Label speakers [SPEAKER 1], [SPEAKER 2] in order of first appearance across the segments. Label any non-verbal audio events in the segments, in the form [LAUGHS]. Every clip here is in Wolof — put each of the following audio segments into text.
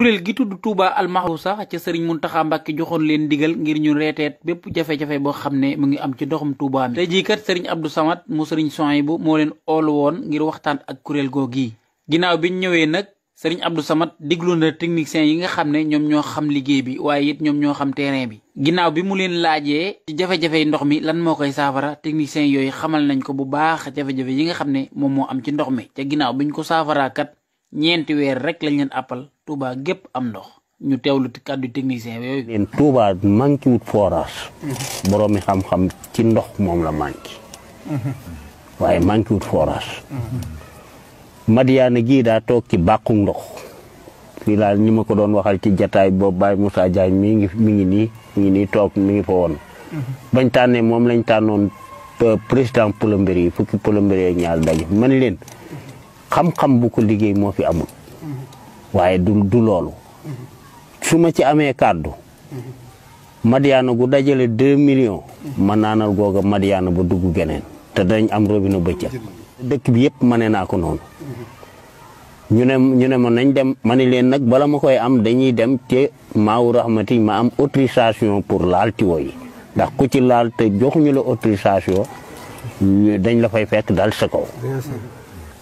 [SPEAKER 1] kuréel gi tudd Touba sax ca sëriñ Muntaxa Mbàkke joxoon leen digal ngir ñu reeteet bépp jafe-jafe boo xam ne mu ngi am ci ndoxum Touba mi tey jii kat sëriñ Abdou Samad mu sëriñ Sohaybu moo leen oolu woon ngir waxtaan ak kuréel googi ginnaaw bi ñu ñëwee nag sëriñ Abdou Samad diglu na techniciens yi nga xam ne ñoom ñoo xam liggéey bi waaye it ñoom ñoo xam terrain bi ginnaaw bi mu leen laajee ci jafe ndox mi lan moo koy saafara techniciens yooyu xamal nañ ko bu baax jafe yi nga xam ne moom moo am ci ndox mi ñeenti weer rek lañ leen appal Touba gépp am ndox ñu teewlu kaddu technicien yooyu. leen Touba manki wut forage. borom xam-xam ci ndox moom la manqué. waaye manki wut forage. Madiyaana gii daa toog ci bàqu ndox. fii laal ñi ma ko doon waxal ci jataay boobu Baye Moussa Diagne mi ngi mi ngi nii mi ngi nii toog mi ngi fa woon. bañ tànnee moom lañ tànnoon euh, président plombier fukki plombier ak ñaar daje man leen. xam-xam bu ko liggéey moo fi amul waaye du du loolu su ma ci amee kàddu madiana gu dajale deux millions ma naanal googa madiyaana ba dugg geneen te dañ am robinet bëccëg dëkk bi yëpp ma ne naa ko noonu ñu ne ñu ne nañ dem ma ne leen nag bala ma koy am dañuy dem te maawu raxmati ma am autorisation pour laal tiwo yi ndax ku ci laal te joxuñu la autorisation dañ la fay fekk dal sa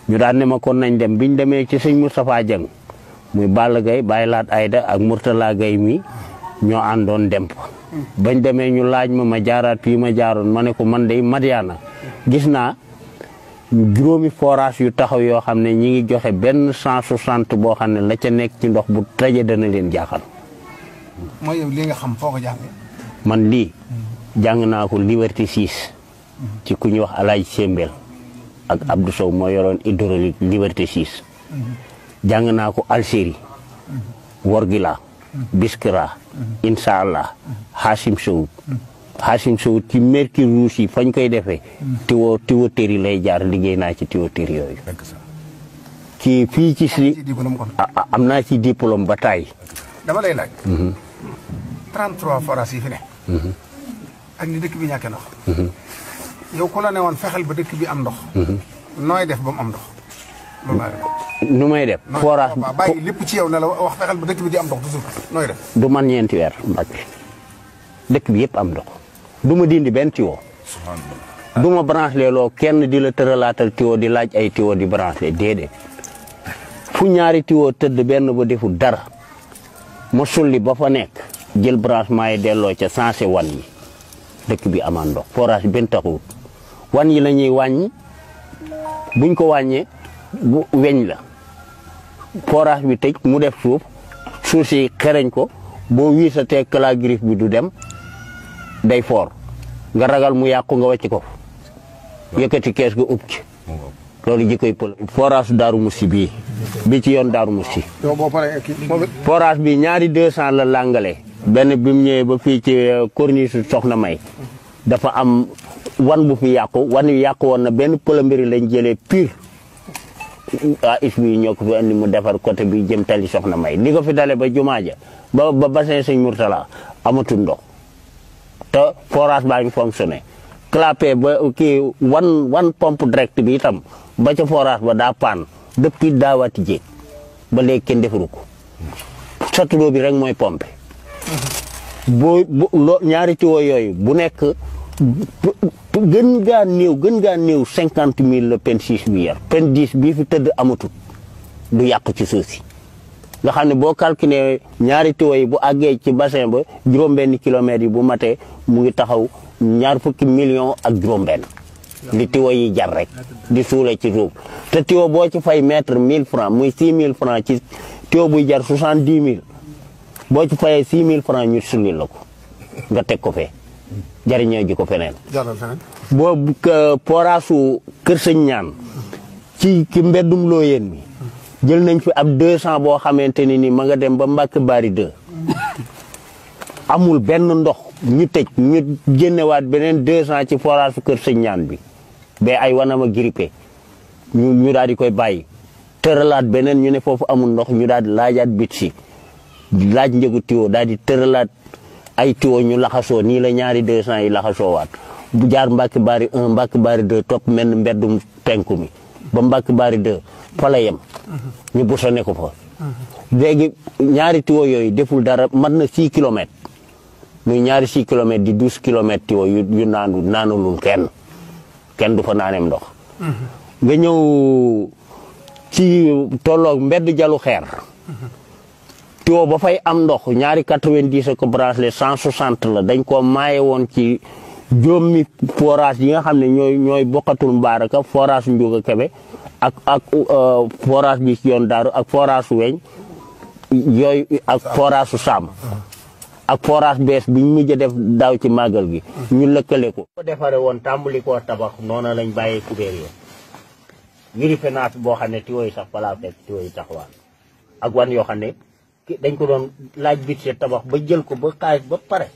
[SPEAKER 1] ñu daan ne nañ dem biñ demee ci sëñ Moustapha Dieng muy Balla gay Baye Laat Ayda ak Mourtala gay mi ñoo àndoon dem bañ demee ñu laaj ma ma jaaraat fii ma jaaroon ma ne ko man de day Madiana gis naa juróomi forage yu taxaw yoo xam ne ñi ngi joxe benn cent soixante boo xam ne la ca nekk ci ndox bu taje dana leen jaaxal. mooy li nga xam foo ko man lii jàng naa ko Liberté 6. ci ku ñuy wax Alaaj Sembel ak Abdou Sow moo yoroon hydraulique liberté 6. jàng naa ko Algérie. Worgila. Mm-hmm. Biskra. Mm-hmm. incha allah. Mm-hmm. Hashim Sow. Hashim Sow ci mercure rouge yi fañ koy defee. tiwo tiwotéri lay jaar liggéey naa ci tiwotéri yooyu. ci fii ci si. am naa ci diplôme ba taay. dama lay yow ku la ne woon fexeel ba dëkk bi am mhm. def ba am ndox. nu may def. forage lépp ci yow la wax fexeel ba dëkk du man ñeenti weer Mbacke dëkk bi yëpp am ndox du ma dindi benn tiwo. du ma branché loo kenn di la tëralaatal tiwo di laaj ay tiwo di branché déedéet fu ñaari tiwo tëdd benn ba defu dara ma sulli ba fa nekk jël branchement yi delloo ca sensé wan yi dëkk bi amaan ndox forage benn taxut wan yi lañuy wàññi buñ ko wañé bu weñ la forage bi tej mu def suuf suuf si xereñ ko boo wiisatee kala griffe bi du dem day for nga ragal mu yaq nga wacc ko yëkëti kees ga upp ci lolu jikoy forage daru musi bi ci yon daru musi forage bi ñaari 200 la langalé ben bimu ba fi ci euh, cornice soxna may dafa am wan bu fi yakku wan yu yakku won na ben polembiri lañ jëlé pire a ah, if yi ñoo ko fi andi mu défar côté bi jëm tali soxna may li ko fi dalé ba jumaaja ba ba bassin sëñ murtala amatu ndox ta forage ba ngi fonctionné clapé ba ki wan wan pompe direct bi itam ba ca forage ba da pan depuis dawati Satu ba lé ken ko bi rek moy pompe mm-hmm. bo ñaari ci wo yoy bu nek gën gaa néew gën gaan néew cinquante mille la pen six bi yar pen dix bii fi tëdd amatul du yàq ci suuf si nga xam ne boo calculé ñaari tuyaux bu àggee ci bassin ba juróom-benn kilomètres yi bu matee mu ngi taxaw ñaar fukki million ak juróom-benn li tuyaux yi jar rek di suulee ci suuf te tuyau boo ci fay mètre mille franc mu six mille franc ci tuyau buy jar soixante dix mille boo ci fayee six mille franc ñu sulli la ko nga teg ko jariñoo ji fenen bo boobu porasu keur seigne ñaan ci ki mbeddum yeen mi jël nañ fi ab 200 bo xamanteni ni ma nga dem ba mbak bari 2 amul ben ndox ñu tej ñu waat benen 200 ci porasu keur seigne ñaan bi be ay wanama grippé ñu ñu daal di koy bàyyi tëralaat benen ñu ne fofu amul ndox ñu daal di laajaat bit laaj njëgu tiwo daal di tëralaat ay tuyaux ñu laxaso ni la ñaari 200 yi laxaso wat bu jaar mbàkk bari 1 eh, mbàkk bari 2 top men mbeddum tenku mi ba mbàkk bari 2 fa la yem ñu bosone ko fa legi ñaari tuyaux yoy deful dara man na 6 km muy ñaari 6 km di 12 km tuyaux yu yu nanu nanu lu kenn kenn du fa nanem ndox mhm. nga ñew ci tolok mbedd jalu xeer mhm. tuyau ba fay am ndox ñaari quatre-vingt-dix ak bracelet cent la dañ koo maaye woon ci juróomi forage yi nga xam ne ñooy ñooy bokkatul mbaaraka forage Ndiouga Kébé ak ak euh, forage bi ci yoon daaru ak forage su weñ yooyu ak forage su saam ak forage bees bi ñu mujj def daaw ci màggal gi ñu lëkkale ko ko defaree woon tàmbali ko tabax noonu lañ bàyyee kubéer yi ngir fenaat boo xam ne tuyau sax balaa fekk tuyau yi taxawaan ak wan yoo dañ ko doon laaj budget tabax ba jël ko ba xaalis ba pare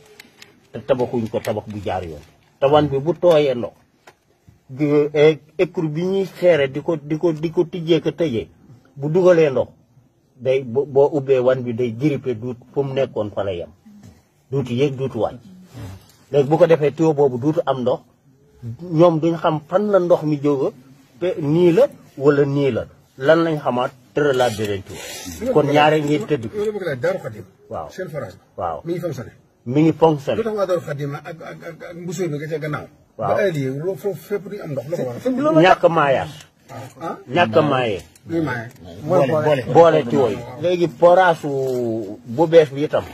[SPEAKER 1] te tabaxuñ ko tabax bu jaar yoon taban bi bu tooyee lo eh, écrou bi ñuy xeere di ko di ko di ko tijjee ko tëjee bu dugalee ndox day boo ubbee wan bi day grippé duut fu mu nekkoon fa la yem duutu yéeg duutu wàcc léegi bu ko defee tuyau boobu duutu am ndox ñoom duñ xam fan la ndox mi jóga nii la wala nii la lan lañ xamaat tëralaat beneen tour kon ñaare ñi tëdd waaw seen forage waaw mi ngi fonctionné mi ngi fonctionné lu ak ak ak mbusóor bi waaw ndox la ko ñàkk maayaat ah. ñàkk maayee boole boole ci wooyu léegi poraasu bu bees bi itam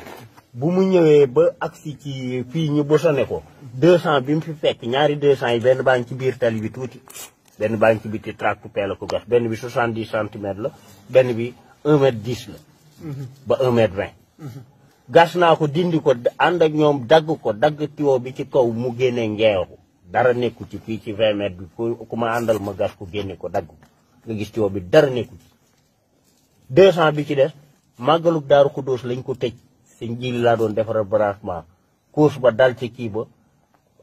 [SPEAKER 1] bu mu ñëwee ba agsi ci fii ñu bosone ko deux cent bi mu fi fekk ñaari deux cent yi benn baa ngi ci biir tali bi tuuti benn baa ngi ci biti tractopelle la ko gas benn bi 70 centimètres la benn bi 1 mètre la. ba 1 mètre gas naa ko dindi ko ànd ak ñoom dagg ko dagg tiwo bi ci kaw mu génne ngeeru dara nekku ci fii ci 20 mètres bi ku ma àndal ma gas ko génne ko dag nga gis tiwo bi dara nekku ci. 200 bi ci des màggalub daaru xudóos lañ ko tëj seen jiili laa doon defar branchement course ba dal ci kii ba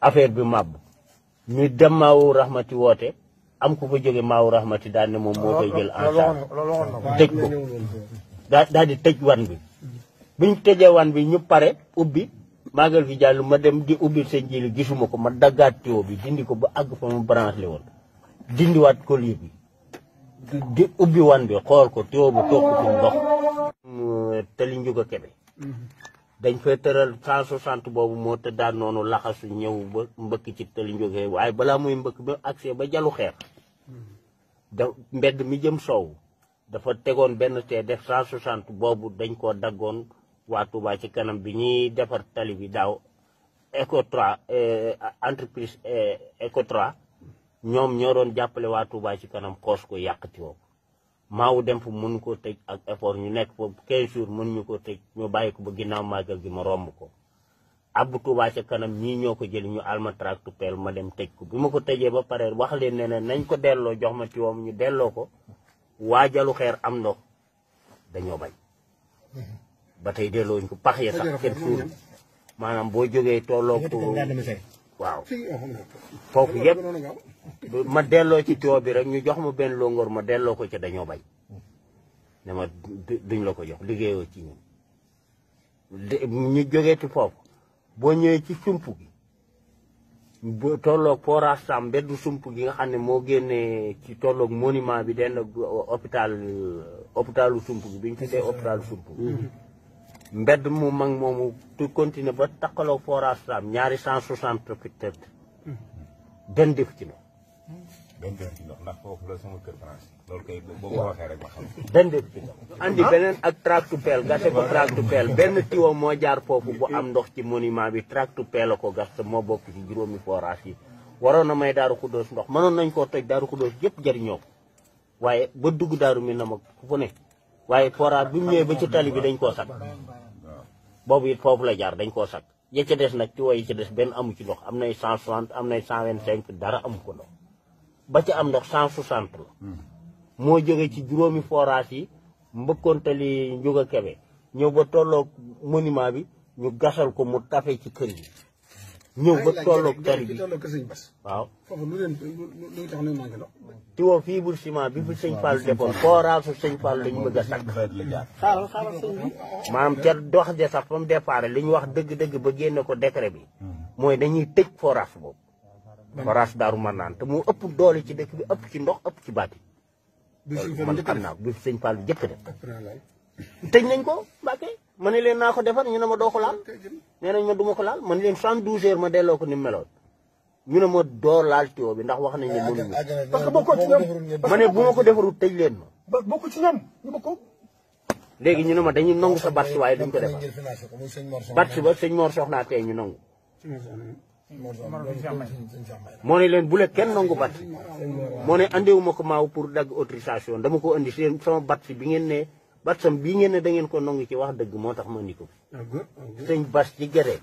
[SPEAKER 1] affaire bi màbb ñu demaawu rahmati woote. am ku fa jóge ma rahmati daan ne moom moo koy jël
[SPEAKER 2] en tëj ko
[SPEAKER 1] di tëj wan buñ tëjee wan bi ñu pare ubbi maagal fi jàll ma dem di ubbi seen gisuma ko ma daggaat tuyau dindi ko ba àgg fa mu branche li woon dindiwaat collier bi di ubbi wan bi xool ko tuyau bu tokk ndox tali njuga kebe dañ fay teural 160 bobu mo te daan nonu laxasu ñew ba mbeuk ci tëli njógee way bala muy mbeuk ba accès ba jalu xex mbedd mi jëm soow dafa tegon benn te def 160 bobu dañ ko daggon wa Touba ci kanam bi ñi defar tali bi daw eco 3 euh entreprise euh, eco 3 ñom ñoroon jàppale wa Touba ci kanam xoos ko yakati wok maawu dem fa mënu koo tëj ak effort ñu nekk foofu 15 jours mën ñu koo tëj ñu bàyyi ko ba ginnaaw màggal gi ma romb ko. abbu Tuuba ca kanam ñii ñoo ko jëli ñu almatraak tuppeel ma dem tëj ko bi ma ko tëjee ba pare wax leen ne na nañ ko delloo jox ma tiwoom ñu delloo ko waajalu xeer am ndox dañoo bañ. ba tey delloowuñ ko pax ya sax kenn suul maanaam boo jógee tolloo ko waaw oh, foofu yëpp. ma delo ci tuyau bi rek ñu jox ma benn longoor ma delo ko ci dañu bay ne ma duñ la ko jox liggéeyoo ci ñu ñu jógee ci fop bo ñëwee ci sumpu gi boo tolok forage sam mbeddu sumpu gi nga xamne mo génné ci tolloog monument bi den hôpital hôpitalu sumpu gi biñ tuddee hôpital sumpu mm-hmm. mbedd mu mag momu tu continuer ba takalo forage sam ñaari 160 soixante den def benn dëkk ndox ndax foofu la sama kër France loolu kay ko waxee rek ma xam. andi ah? beneen ak tractopelle gase ko tractopelle benn tiwo moo jaar foofu bu am ndox ci monument bi tractopelle la ko gas te moo bokk ci juróomi forage yi. waroon na may Daaru Xuddoos ndox mënoon nañ koo toj Daaru Xuddoos yëpp jariñoo ko waaye ba dugg daaru mi na ma fu ne waaye forage bi mu ñëwee ba ci tali bi dañ koo sakk boobu it foofu la jaar dañ koo sakk ya ca des nag tiwo yi ca des benn amu ci ndox am nay 160 am nay 125 dara amu ko ndox. ba ca am ndox cent soixante la hmm. moo jóge ci juróomi forage yi mbëkkoontali Njuga Kebe ñëw ba tolloog monument bi ñu gasal ko mu tafe ci kër yi
[SPEAKER 2] ñëw ba tolloog tari bi
[SPEAKER 1] waaw ti woo fii bul ciment bi fi sëñ Fall defoon forage su sëñ Fall lañu bëgg a takk xaaral xaaral sëñ bi maanaam ca dox ja sax fa mu li ñu wax dëgg-dëgg ba génne ko décret bi hmm. mooy dañuy tëj forage boobu forage daaru man naan te moo ëpp doole ci dëkk bi ëpp ci ndox ëpp ci baati man xam naa ko bi sëñ Fall jëkk def tëj nañ ko Mbàkke ma ne leen naa ko defar ñu ne ma doo ko laal nee nañ ma du ko laal ma leen soixante-douze heures ma delloo ko ni mu meloon ñu ne ma doo laal tuyau bi ndax wax nañ ne mënuñu parce que bokkoo ci ñoom bu ma ko defarul tëj leen ma bokkoo ci ñoom ñu léegi ñu ne ma dañuy nangu sa batch waaye duñ ko defar batch ba sëñ Mor Soxna tey ñu nangu moo ne leen bu leen kenn nangu bat moo ne andiwuma ko maaw pour dagg autorisation dama ko andi seen sama bat si bi ngeen ne bat sam bii ngeen ne da ngeen ko nangu ci wax dëgg moo tax ma ni ko sëñ bas ci gere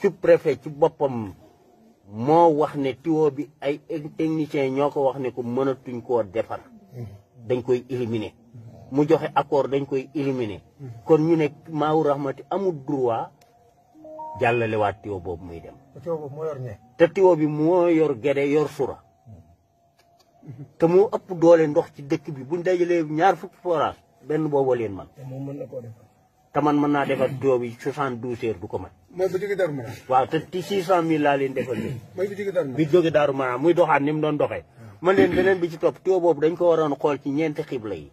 [SPEAKER 1] sous-préfet ci boppam moo wax ne tuyau bi ay technicien ñoo ko wax ne ko mënatuñ koo defar dañ koy éliminer mu joxe accord dañ koy éliminer kon ñu ne maawu rahmati amul droit jàllalewaat tiwo bobu muy dem. tiwo bobu mo yor ñe te tiwo bi mo yor gede yor sura. te mo upp doole ndox ci dekk bi buñ dajalee ñaar fukk forage ben boobu leen man. te moom mën na ko defal te man mën na defal tiwo bi 72 heures du ko mën. mooy bu jóge daru ma wa te 600000 la leen defal léegi. mooy bu jóge daru Mara bi jóge daru ma muy doxaat nim doon doxé man leen benen bi ci top tiwo bobu dañ ko waron xol ci ñent xibla yi.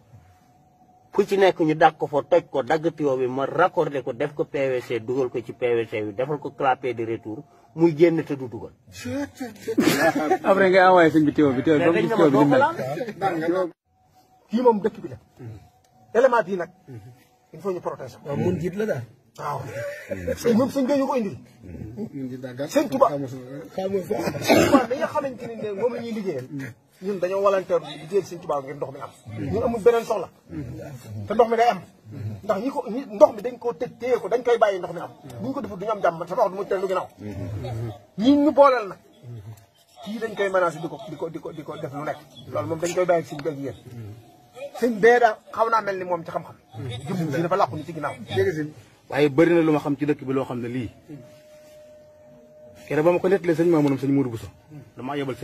[SPEAKER 1] ku ci nekk ñu dàq ko fa toj ko dagg tuyau bi ma raccordé ko def ko PVC dugal ko ci PVC bi defal ko clapet de retour muy génn te du dugal. [LAUGHS] après nga envoyé sëñ bi tuyau bi tuyau bi kii moom dëkk bi la. élément bii nag. il faut ñu protéger. waaw mun jiit la daal.
[SPEAKER 2] waaw. ñoom suñ ñu
[SPEAKER 1] ko indil. sëñ Tuba. ni moom la ñuy ñun dañoo volontaire di jël Sëñ Tuubaa ngir ndox mi am ñun amul beneen soxla te ndox mi day am ndax ñi ko ñi ndox mi dañ koo tëj téye ko dañ koy bàyyi ndox mi am bu ñu ko deful du ñu am jàmm sama wax du mu tere lu ginnaaw ñi booleel nag dañ koy menacé ko di ko di ko di ko def lu nekk loolu moom dañ koy bàyyi sëñ bi ak yéen sëñ xaw naa mel ni moom ci xam-xam jëm si dafa làqu ni ci ginnaaw waaye bëri na lu ma xam ci dëkk bi loo xam ne lii kere ba ma ko nettalee sëñ Mamounam sëñ Mourou Bousso damaa yebal